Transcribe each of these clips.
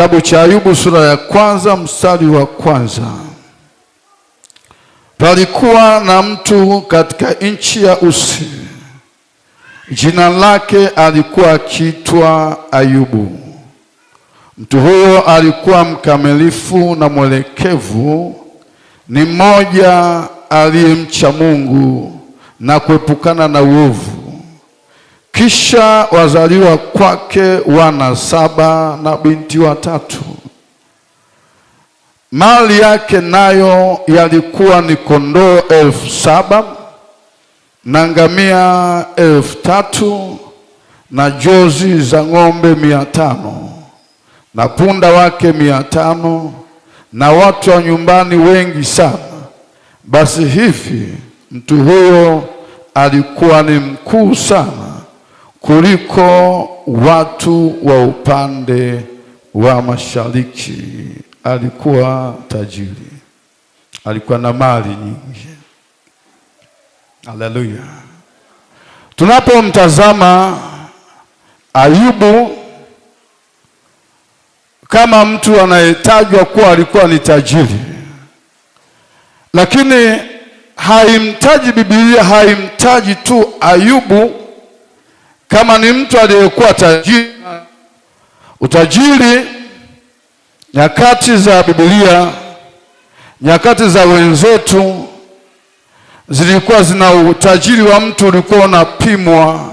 Kitabu cha Ayubu sura ya kwanza mstari wa kwanza. Palikuwa na mtu katika nchi ya Usi, jina lake alikuwa akiitwa Ayubu. Mtu huyo alikuwa mkamilifu na mwelekevu, ni mmoja aliyemcha Mungu na kuepukana na uovu. Kisha wazaliwa kwake wana saba na binti watatu. Mali yake nayo yalikuwa ni kondoo elfu saba na ngamia elfu tatu na jozi za ng'ombe mia tano na punda wake mia tano na watu wa nyumbani wengi sana. Basi hivi mtu huyo alikuwa ni mkuu sana kuliko watu wa upande wa mashariki. Alikuwa tajiri, alikuwa na mali nyingi. Haleluya! Tunapomtazama Ayubu kama mtu anayetajwa kuwa alikuwa ni tajiri, lakini haimtaji Biblia, haimtaji tu Ayubu kama ni mtu aliyekuwa tajiri, utajiri nyakati za Biblia, nyakati za wenzetu zilikuwa zina utajiri wa mtu ulikuwa unapimwa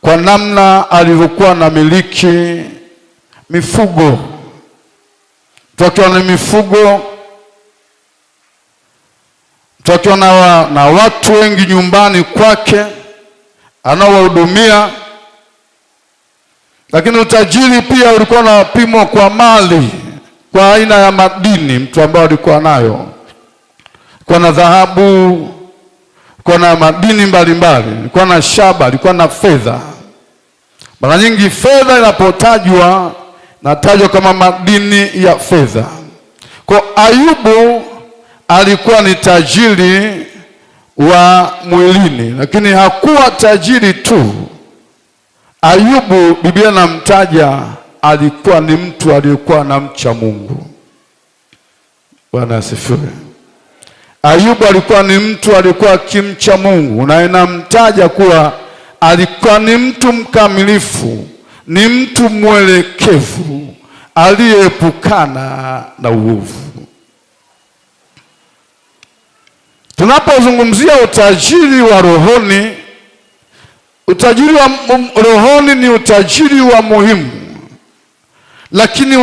kwa namna alivyokuwa na miliki mifugo. Mtu akiwa na mifugo, mtu akiwa na watu wengi nyumbani kwake anaohudumia. lakini utajiri pia ulikuwa unapimwa kwa mali, kwa aina ya madini mtu ambaye alikuwa nayo, kwa na dhahabu, kwa na madini mbalimbali, alikuwa na shaba, alikuwa na fedha. Mara nyingi fedha inapotajwa natajwa kama madini ya fedha. Kwa Ayubu alikuwa ni tajiri wa mwilini, lakini hakuwa tajiri tu. Ayubu, Biblia namtaja, alikuwa ni mtu aliyekuwa anamcha Mungu. Bwana asifiwe. Ayubu alikuwa ni mtu aliyekuwa akimcha Mungu, na inamtaja kuwa alikuwa ni mtu mkamilifu, ni mtu mwelekevu aliyeepukana na uovu. Tunapozungumzia utajiri wa rohoni, utajiri wa rohoni ni utajiri wa muhimu, lakini